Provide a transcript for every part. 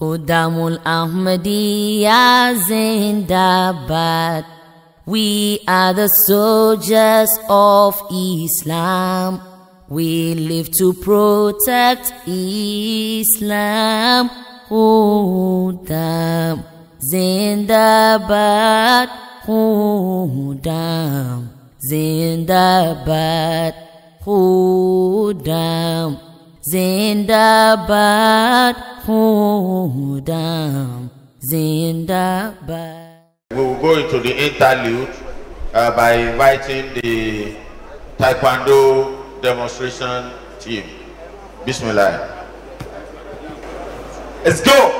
Khudamul Ahmadiyya Zindabad. We are the soldiers of Islam. We live to protect Islam. Khudam Zindabad. Khudam Zindabad. Khudam. Zindabad, Zindabad. We will go into the interlude uh, by inviting the Taekwondo demonstration team. Bismillah. Let's go!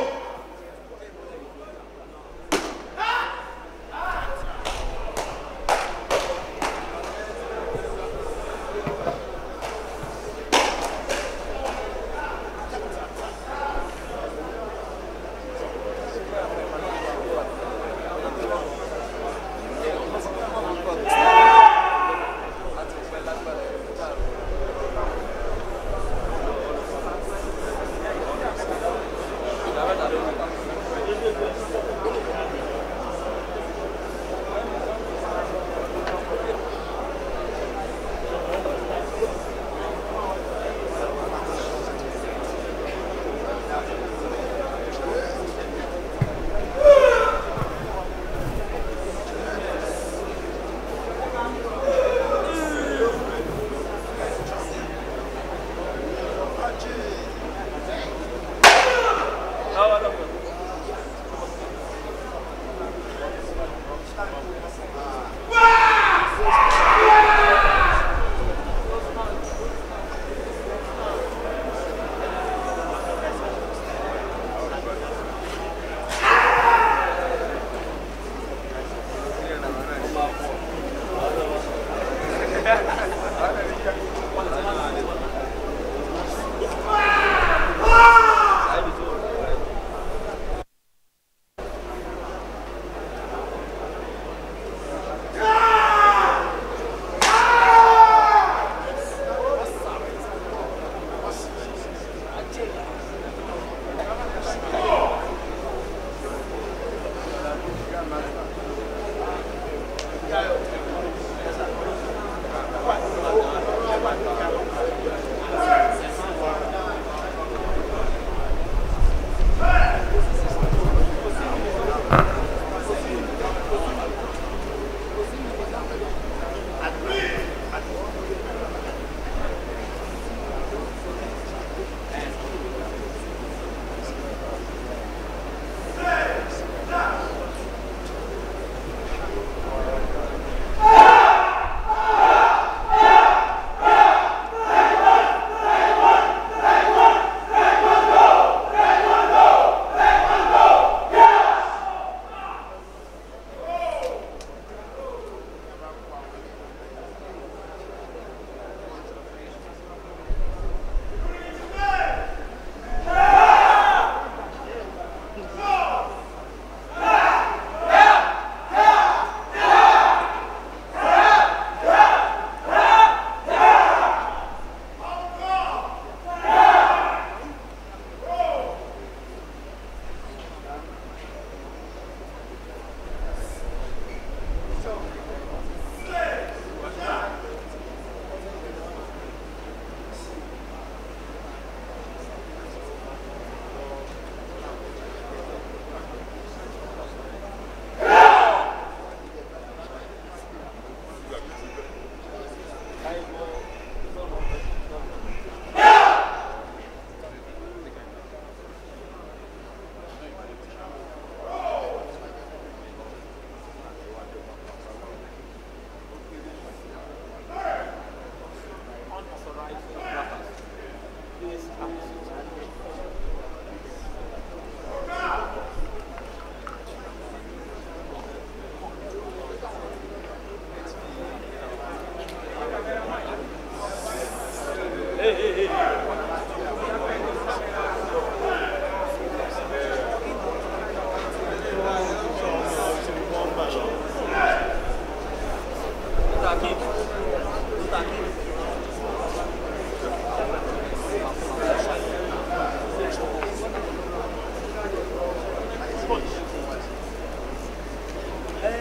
Thank you.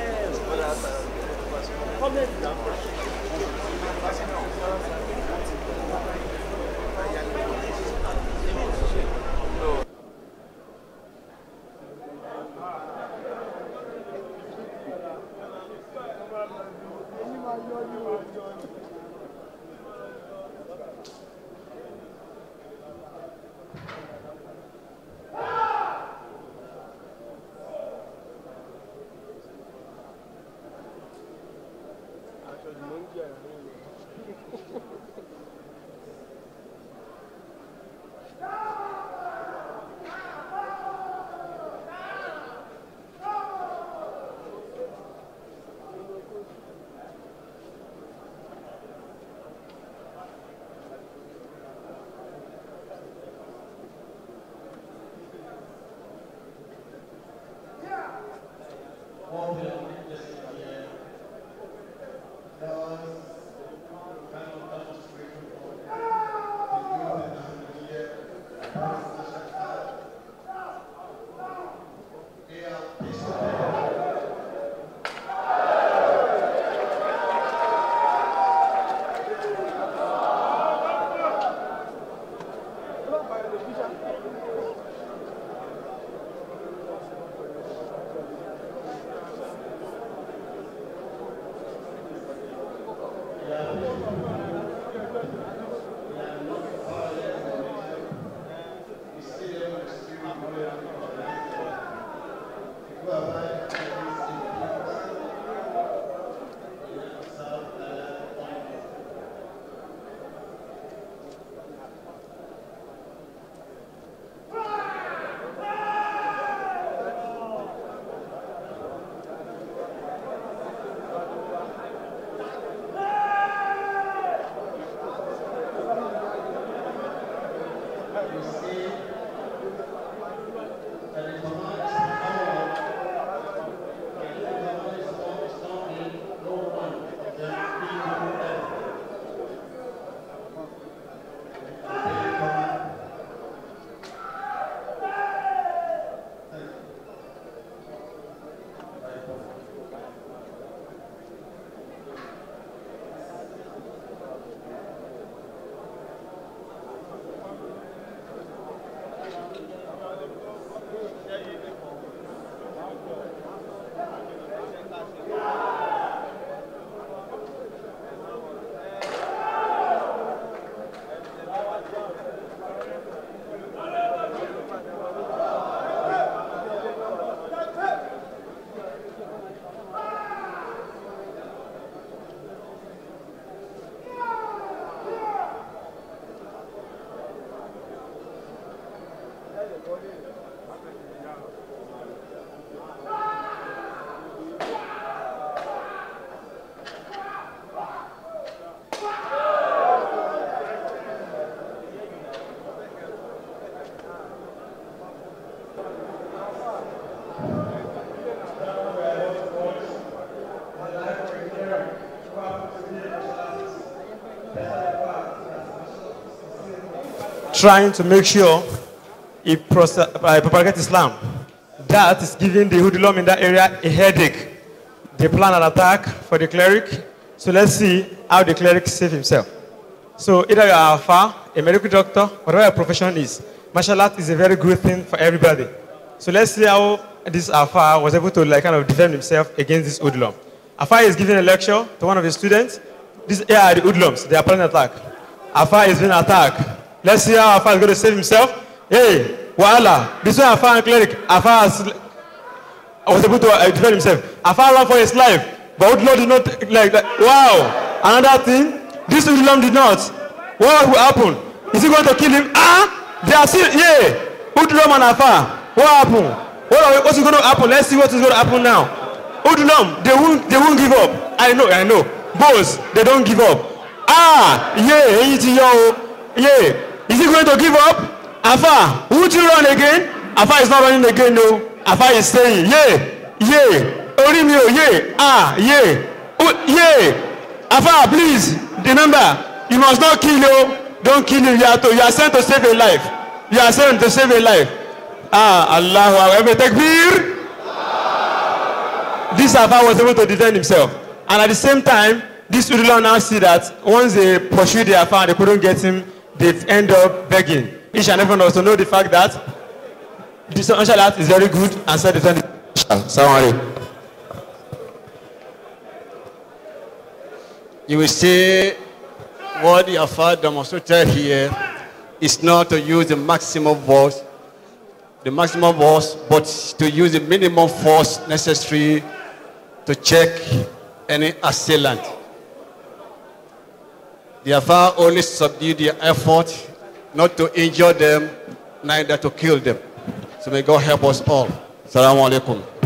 trying to make sure he uh, propagates Islam. That is giving the hoodlum in that area a headache. They plan an attack for the cleric. So let's see how the cleric saves himself. So either you are a far, a medical doctor, whatever your profession is, martial art is a very good thing for everybody. So let's see how this Afar was able to like kind of defend himself against this hoodlum. Afar is giving a lecture to one of his students. These here are the hoodlums. They are planning attack. Afar is being attacked. Let's see how Afa is going to save himself. Hey, Wala, this one Afa and cleric. Afa has, was able to uh, defend himself. Afa ran for his life, but Udlom did not like that. Wow! Another thing, this Udlom did not. What will happen? Is he going to kill him? Ah! They are still, yeah! Udlom and Afa, what happened? What are, what's going to happen? Let's see what is going to happen now. Udlom, they won't, they won't give up. I know, I know. Boys, they don't give up. Ah! Yeah, yeah, yeah. Is he going to give up? Afa, would you run again? Afa is not running again, no. Afa is saying, yeah, yeah, Orimio, yeah, ah, yeah, oh, yeah. Afa, please, remember, you must not kill, no. Oh. Don't kill him. You are, to, you are sent to save a life. You are sent to save a life. Ah, Allahu Akbar. Takbir. This Afa was able to defend himself. And at the same time, this Udula now see that once they pursued the Afa, they couldn't get him they end up begging. Each and every everyone also know the fact that this art is very good and so the turn. You will see what the Afar demonstrated here is not to use the maximum force, the maximum force, but to use the minimum force necessary to check any assailant. Therefore, only subdued their effort, not to injure them, neither to kill them. So may God help us all. Assalamu alaikum.